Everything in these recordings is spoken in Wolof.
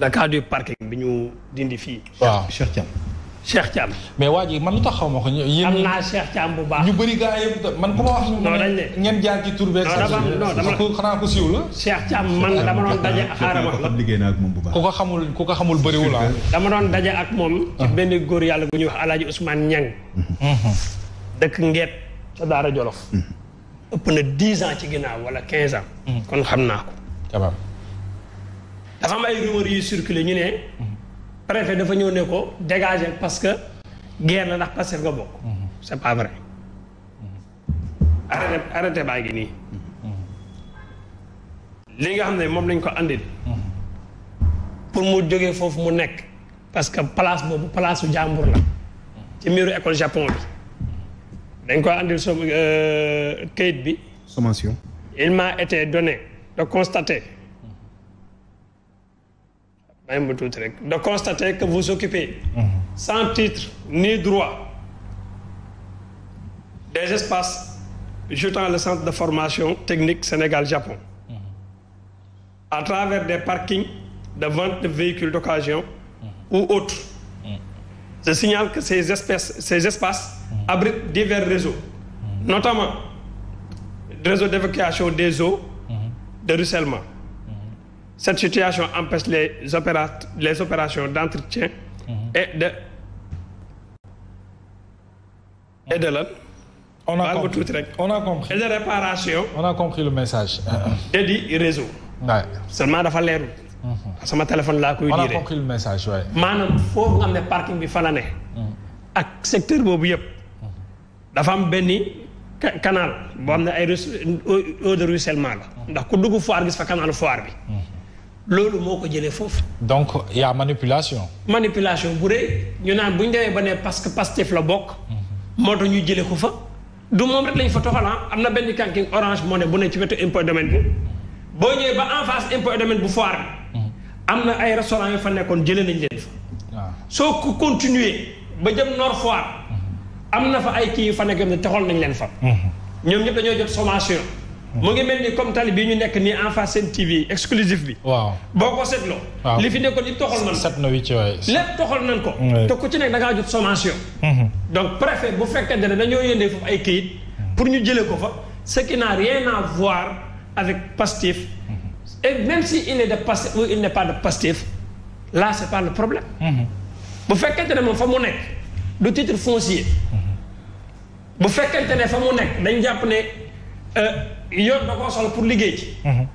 le cas du parking bi ñu dindi fii. waaw Cheikh Thiam. Cheikh Thiam. mais waa ji man lu tax xaw ma ko yéen. am naa Cheikh Thiam bu baax. ñu bëri gars yëpp man ku ma wax. non dañ ne ngeen jaar ci tur beeg. non dama non man dama doon daje ak. la liggéey naa ak moom xamul ku ko ah. daje ak moom. Ah. benn góor yàlla bu ñuy wax El Hadj Ousmane Niang. Mm-hmm. dëkk Ngeet ca Daara Jolof. Mm-hmm. ëpp na dix ans ci ginnaaw wala quinze ans. Mm-hmm. kon xam naa ko. dafa am ay rumeurs circulé ñu ne préfet parce que guerre la ndax passé nga bokk. Mhm. c'est pas vrai. Mhm. Arrêtez de baa ngi mhm. li nga pour mu mu parce que place place jàmbur la. ci miiru école japon bi. dañ euh, il m'a été donné de constater de constater que vous occupez mhm. sans titre ni droit des espaces jetant le centre de formation technique Sénégal-Japon mhm. à travers des parkings de vente de véhicules d'occasion mhm. ou autres. Je signale que ces, espaces abritent divers réseaux, notamment le réseau d'évacuation des eaux de ruissellement cette situation empêche les, opérat les opérations d'entretien mhm. et de... Et de l'autre. On a, compris. on a compris. Et de réparation. On a compris le message. Et euh, euh. dit réseau. Ouais. Seulement, il faut les routes. Parce que téléphone là, on a compris le message. Ouais. Maintenant, il faut que le parking bi fan année. Mhm. Ak secteur bobu yep. Mhm. Dafa am ben canal bo amna ay rue seulement ruissellement la. Ndax ku dugg foire gis fa canal foire bi. loolu moo ko jëlee foofu. donc y' a manipulation. manipulation bu rëy ñu naan bu ñu demee ba ne parce que Pastef la bokk. moo tax ñu jëlee ko fa. du moom rek lañ fa toxal ah. am na benn kanking orange moo ne bu ne ci wetu impôt domaine bi boo ñëwee ba en face impôt domaine bu foire am na ay restaurant yu fa nekkoon jëlee nañ leen fa. Ah. soo ko continuer ba jëm nord foire am na fa ay kii yu fa nekk yoo xam ne toxal nañ leen fa. Mhm. ñoom ñëpp dañoo jot sommation. mu ngi mel ni comme tali bi ñu nekk nii en face seen TV exclusif bi. waaw boo ko seetloo. waaw li fi nekkoon yëpp toxal nan ko. set na wi ci waay. lépp toxal nañ ko. te ku ci nekk da ngaa jot sommation. Mhm. donc préfet bu fekkee ne dañoo yëndee foofu ay këyit. pour ñu jëlee ko fa ce qui n'a rien à voir avec Pastef. Mhm. et même si il est de pastif ou il n'est pas de pastif là c'est pas le problème. Mhm. bu fekkente ne moom fa mu nekk du titre foncier. bu fekkente ne fa mu nekk dañ jàpp ne. Euh, yoon da koo sol pour liggéey ci. Mm-hmm.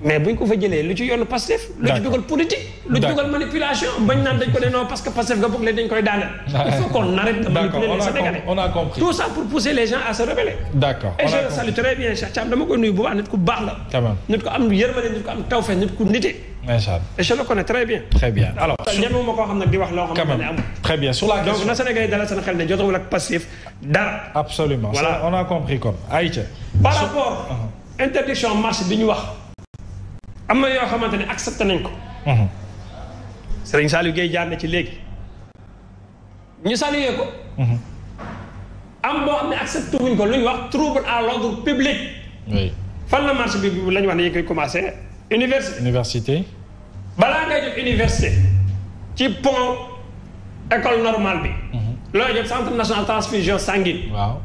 mais buñ ko fa jëlee lu ci yoonu Pastef lu ci dugal politique lu ci dugal manipulation bañ naan dañ ko ne non parce que Pastef nga bëgg leen dañ koy daaneel il faut qu'on arrête de manipuler les Sénégalais on a compris tout ça pour pousser les gens à se rebeller d'accord et je salue très bien cher Thiam dama koy nuyu bu baax nit ku baax la nit ko am yërmande nit ko am tawfe nit ku nite et je le connais très bien très bien alors ñanu ma koo xam nag di wax loo xam ne amul très bien sur la question donc na Sénégalais yi dalal seen xel ne jotawul ak Pastef dara absolument voilà on a compris comme Aïcha par rapport uh-huh. interdiction marche bi ñu wax am na yoo xamante ne accepté nañ ko. Mhm. Serigne Saliou Gueye jaar na ci léegi. ñu salué ko. Mhm. am boo xam ne accepté wuñ ko lu ñu wax trouble à l'ordre public. oui fan la marche bi la ñu wax ne yéen koy commencé. université université. balaa ngay jóg université. ci pont école normale bi. Mhm. looy jot centre national transfusion sanguine. waaw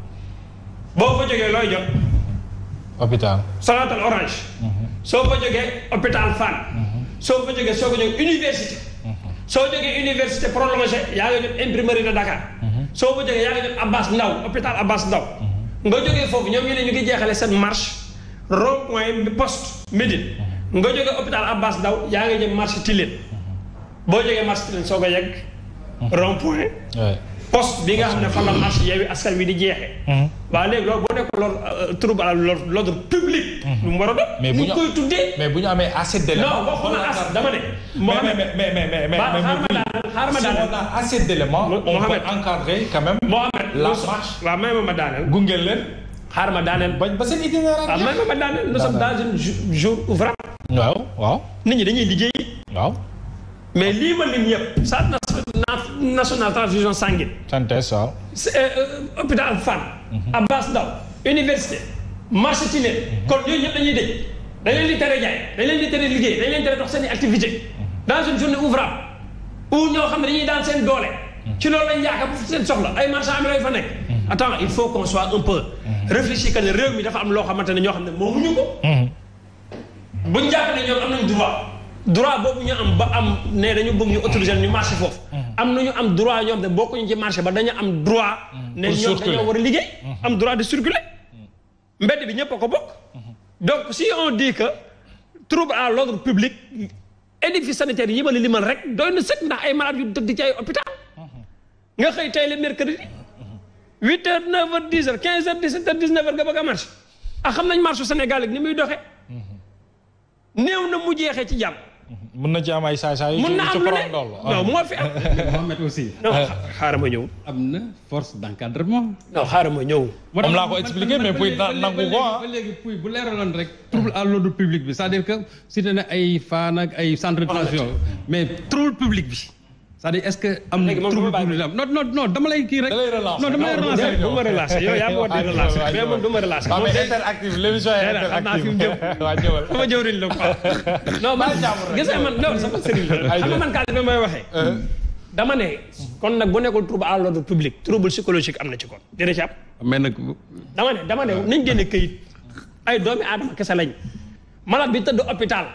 boo ko jógee looy jot. hôpital Sonatel Orange. Mhm. soo fa jógee hôpital Fann. Mhm. soo fa jógee soo ko jógee université. Mhm. soo jógee université prolongé yaa ngi jot imprimerie de Dakar. soo fa jógee yaa ngi jot Abbas Ndaw hôpital Abbas Ndaw. nga jógee foofu ñoom ñu ne ñu ngi jeexale seen marche rond point poste Médine. nga jógee hôpital Abbas Ndaw yaa ngi jëm marché Tilène. boo jógee marché Tilène soo ko yegg. rond point. poste bi nga ne la marche Yewwi di public. lu mais vous koy mais assez d'éléments. non mais mais mais mais mais on a assez d'éléments. quand même. la marche la ma nous sommes dans un jour ouvrable. waaw waaw. nit ñi dañuy mais li ma lim yëpp centre national transfusion sanguine. ça c'est euh, euh, hôpital à Abass Ndao université. marché Tilène. Mhm. kon yooyu ñep dañuy dëj dañ leen di tere jaay dañ leen di tere liggéey dañ leen tere dox seen i activité mhm. dans une journée ouvrable ou ñoo xam ne dañuy daan seen doole. Mhm. ci loolu lañ yaaka bu seen soxla ay marchands lay fa nekk. attends il faut qu'on soit un peu. réfléchir que ne réew mi dafa am loo xamante ne ñoo xam ne moomuñu ko. buñ jàpp ne ñoom am nañ droit droit boobu ñu am ba am ne dañu bëgg ñu autorisé ñu marché foofu. Mhm. am nañu am droit ñoom de bokkuñu ci marché ba dañu am droit. Mhm. ne ñoom dañoo war a mhm. am droit de circuler. mbedd bi ñëpp bokk. donc si on dit que trouble à l'ordre public édifice sanitaire yi ma la limal rek doy na ndax ay malade yu tëdd ci ay hôpital. nga xey tay le mercredi. 8 h 9 h 10 h 15 h 17 h 19 h nga bëgg a marché. ah xam nañ marché sénégalais ni muy doxé néw na mu jéxé ci jàmm. mën na ci saay saay. mën na am lu ne non ah. moo fi am. Mohamed aussi. non ah. ma ñëw. am na force d' encadrement. non xaaral ma ñëw. moom laa ko expliqué mais puy nangu ko ah. ba léegi puy bu leeraloon rek. trouble à l' ordre bi c'est-à-dire que cité na ay fan ak ay centre de transition mais trouble public bi. cest à est-ce que am na trouble non non non dama lay kii rek. non dama lay ma relaxé ah, bi euh. dama ne kon nag bu nekkul trouble à l'ordre public trouble psychologique am na ci kon dina ci am. mais dama ne dama ne nañ génne këyit ay doomi aadama kese lañ malade bi tëdd hôpital.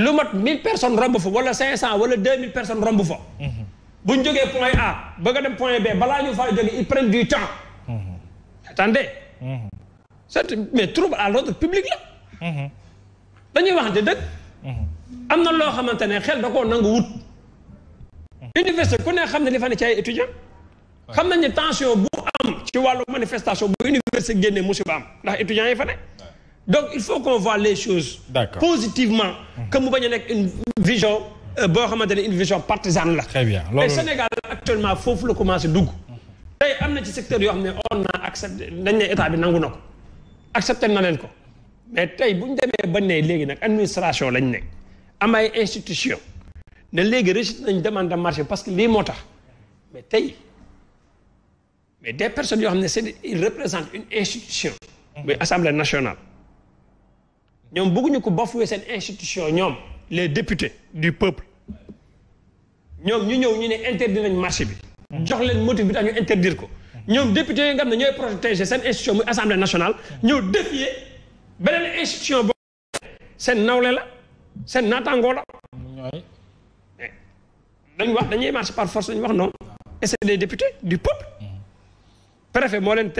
lu mat 1000 personnes romb fa wala 500 wala 2000 personnes romb fa. bu ñu jógee point A bëgg a dem point B balaa ñu faa jógee ils prennent du temps. attendez. c'est mais trouble à l'ordre public la. dañuy waxante dëgg. am na loo xamante ne xel da koo nangu wut. université ku ne xam ne li fa ne ci ay étudiants. xam nañ ne tension bu am ci wàllu manifestation bu université génnee musiba am ndax étudiants yi fa ne. donc il faut qu'on voit les choses positivement comme mu bañ une vision euh, une vision partisane là. très bien le Sénégal actuellement faut que que commence tey am na ci secteur a des on a accepté Ils ont état accepté mais si vous avez une ba administration lañ institution ne léegi rejeté nañ demande marché parce que les motards, mais tay mais des personnes qui ont accepté, ils représentent une institution l'Assemblée mmh. nationale nous bëgguñu ko bafouer nous institution les députés du peuple Nous ñu ñëw ñu interdire nañ marché Nous jox leen motif interdire ko. ñoom député institution nationale avons défier les institution C'est seen c'est la par force non. c'est des députés du peuple. Mm. préfet leen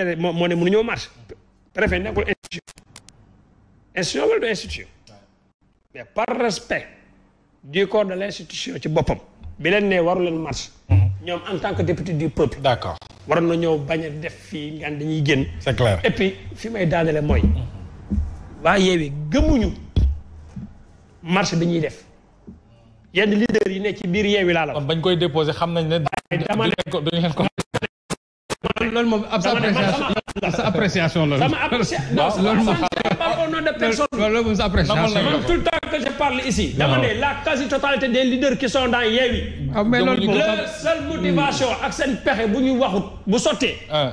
institution wala du institution mais par respect du corps de l'institution ci bopam bi len né waru len marche mhm. ñom en tant que député du peuple d'accord waroon na ñëw baña def fi ngaan dañuy génn c'est clair et puis fi may daanale moy mhm. wa yeewi gëmuñu marche bi ñuy def yenn leader yi ne ci biir yeewi la la kon bañ koy déposer xam nañ ne duñu leen ko loolu moom sa appréciation la loolu parle au ah, nom de personne. man tout le temps que je parle ici. dama ne la quasi totalité des leaders qui sont dans Yewwi. ah mais loolu la bu ñu waxut bu sottee. Ah.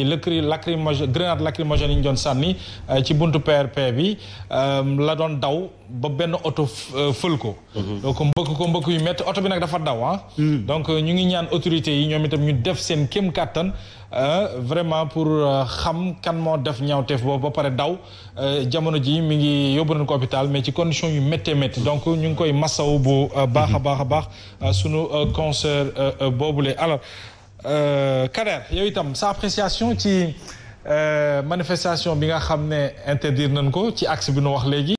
Le cri, lacrymogène grenade lacrymogène yi ñu doon euh, ci buntu PRP bi euh, la doon daw ba benn auto euh, fël ko mhm. donc mbokk ko mbokk yu métti auto bi nag dafa daw ah mhm. donc ñu ngi ñaan autorité yi ñoom itam ñu def seen kéem kàttan vraiment pour xam kan moo def ñaawteef boobu ba pare daw jamono ji mi ngi yóbbu nañ ko hôpital mais ci condition yu méttee métti donc ñu ngi koy massaw bu mhm. baax a baax a baax sunu concert boobule alors euh, Kader yow itam sa appréciation ci euh, manifestation bi nga xam ne interdire ko ci axe bi nu wax